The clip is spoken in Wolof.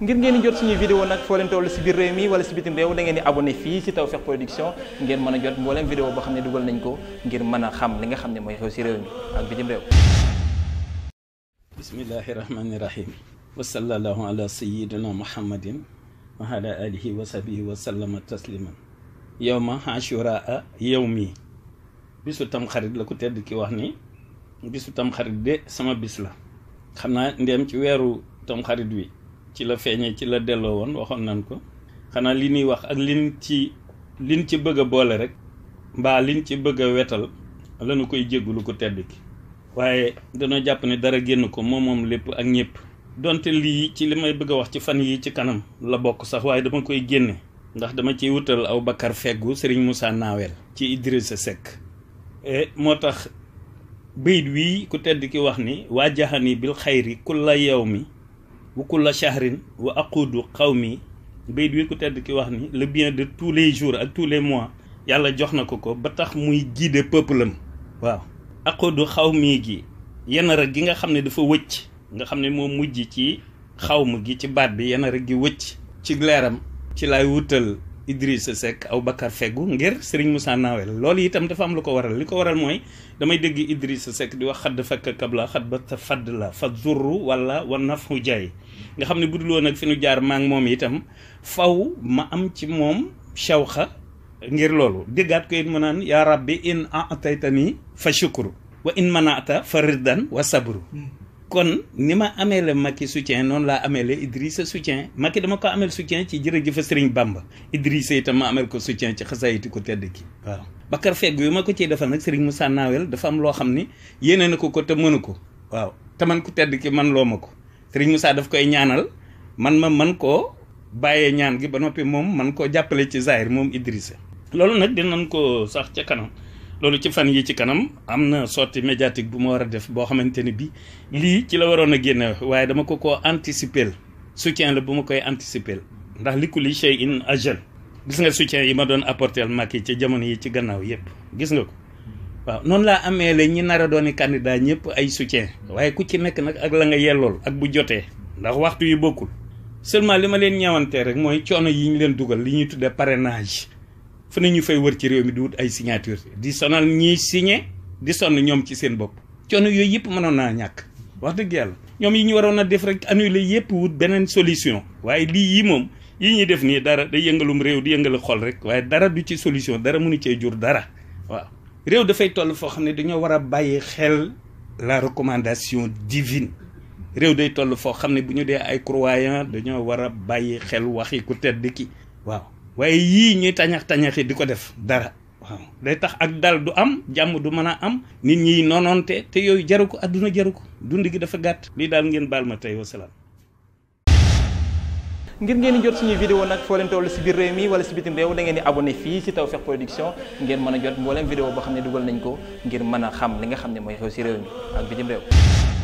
ngir ngeen di jot suñuy vidéo nag foo leen toll si biir réew mi wala si bitim réew da ngeen di abonné fii si Tawfekh Production ngeen mën a jot mbooleem vidéo boo xam ne dugal nañ ko ngir mën a xam li nga xam ne mooy xew si réew mi ak bitim réew bismillahi rahmani rahim wa sallallahu ala sayyidina muhammadin wa ala alihi wa sahbihi wa sallama tasliman yawma bisu tamxarit la ko tedd ki wax ni bisu tamxarit de sama bis la xam naa ndem ci weeru tamxarit wi ci la feeñe ci la delloo woon waxoon nañ ko xanaa li ñuy wax ak liñ ci liñ ci bëgg a boole rek mbaa liñ ci bëgg wetal lañu koy jéggulu ko tedd ki waaye dañoo jàpp ne dara génn ko moom moom lépp ak ñëpp donte lii ci li may bëgg a wax ci fan yi ci kanam la bokk sax waaye dama koy génne ndax dama ciy wutal aw Bakar Feggu Serigne Moussa Nawel ci Idrissa Seck e, moo tax bayit wii ku tedd ki wax ni waajaxani bil xayri kulla yow mi wa kulla shahrin wa aqudu qawmi bayit di ku tedd ki wax ni le bien de tous les jours ak tous les mois yàlla jox na ko ko ba tax muy guider peuple am waaw aqudu xawmi gi yenn rek gi nga xam ne dafa wëcc nga xam ne moo mujj ci xawma gi ci baat bi yenn rek gi wëcc ci leeram ci lay wutal Idrissa Seck Aboubacar Feggu ngir Serigne Moussa Nawel loolu itam dafa am lu ko waral li ko waral mooy damay dégg Idrissa Seck di wax xadd fakk kabla xadd ba fadd la fa zurru wala wa nafu jaay nga xam ne bu dul woon ak fi nu jaar maa ngi moom itam faw ma am ci moom shawxa ngir loolu déggaat ko it mu naan yaa rabbi in ataytani fa shukru wa in manata fa riddan wa sabru hmm. kon ni ma amee la Macky soutien noonu laa amee la Idrissa soutien Macky dama ko amel soutien ci jërëjëf Serigne Bamba Idrissa itam ma amel ko soutien ci xasaayiti ko tedd ki waaw Bakar Fegg yu ma ko ciy defal nag Serigne Moussa Nawel dafa am loo xam ni yeneen na ko ko te mënu ko waaw te man ku tedd ki man loo ma ko Serigne Moussa dafa koy ñaanal man ma man koo bàyyee ñaan gi ba noppi moom man koo jàppalee ci Zahir moom Idrissa loolu nag dinañ ko sax ca kanam loolu ci fan yi ci kanam am na sortie médiatique bu ma war a def boo xamante ne bi lii ci la waroon a génne waaye dama ko koo anticiper soutien la bu ma koy anticiper ndax li ku li chey in agel gis nga soutien yi ma doon mag yi ci jamono yi ci gannaaw yëpp gis nga ko waaw noonu laa amee la ñi nar a dooni candidat ñëpp ay soutien waaye ku ci nekk nag ak la nga yellool ak bu jotee ndax waxtu yi bokkul seulement li ma leen ñawantee rek mooy coono yi ñu leen dugal li ñuy tuddee parrainage fu ne ñu fay wër ci réew mi di wut ay signature di sonal ñiy signé di sonn ñoom ci seen bopp coono yooyu yëpp mënoon naa ñàkk wax dëgg yàlla ñoom yi ñu waroon a def rek annulé yëpp wut beneen solution waaye lii yi moom yi ñuy def nii dara day yëngalum réew di yëngal xol rek waaye dara du ci solution dara mënu cee jur dara waaw réew dafay toll foo xam ne dañoo war a bàyyi xel la recommandation divine réew day toll foo xam ne bu ñu dee ay croyant dañoo war a bàyyi xel waxi ku tedd ki waaw waaye yii ñuy tañax tañaxi di ko def dara waaw day tax ak dal du am jàmm du mën a am nit ñi nonoonte te yooyu jaru ko àdduna jaru ko dund gi dafa gàtt lii daal ngeen baal ma tey wasalaam ngir ngeen di jot suñuy vidéo nag foo leen toll si biir réew mi wala si bitim réew da ngeen di abonné fii si Tawfekh Production ngeen mën a jot mbooleem vidéo boo xam ne dugal nañ ko ngir mën a xam li nga xam ne mooy xew si réew mi ak bitim réew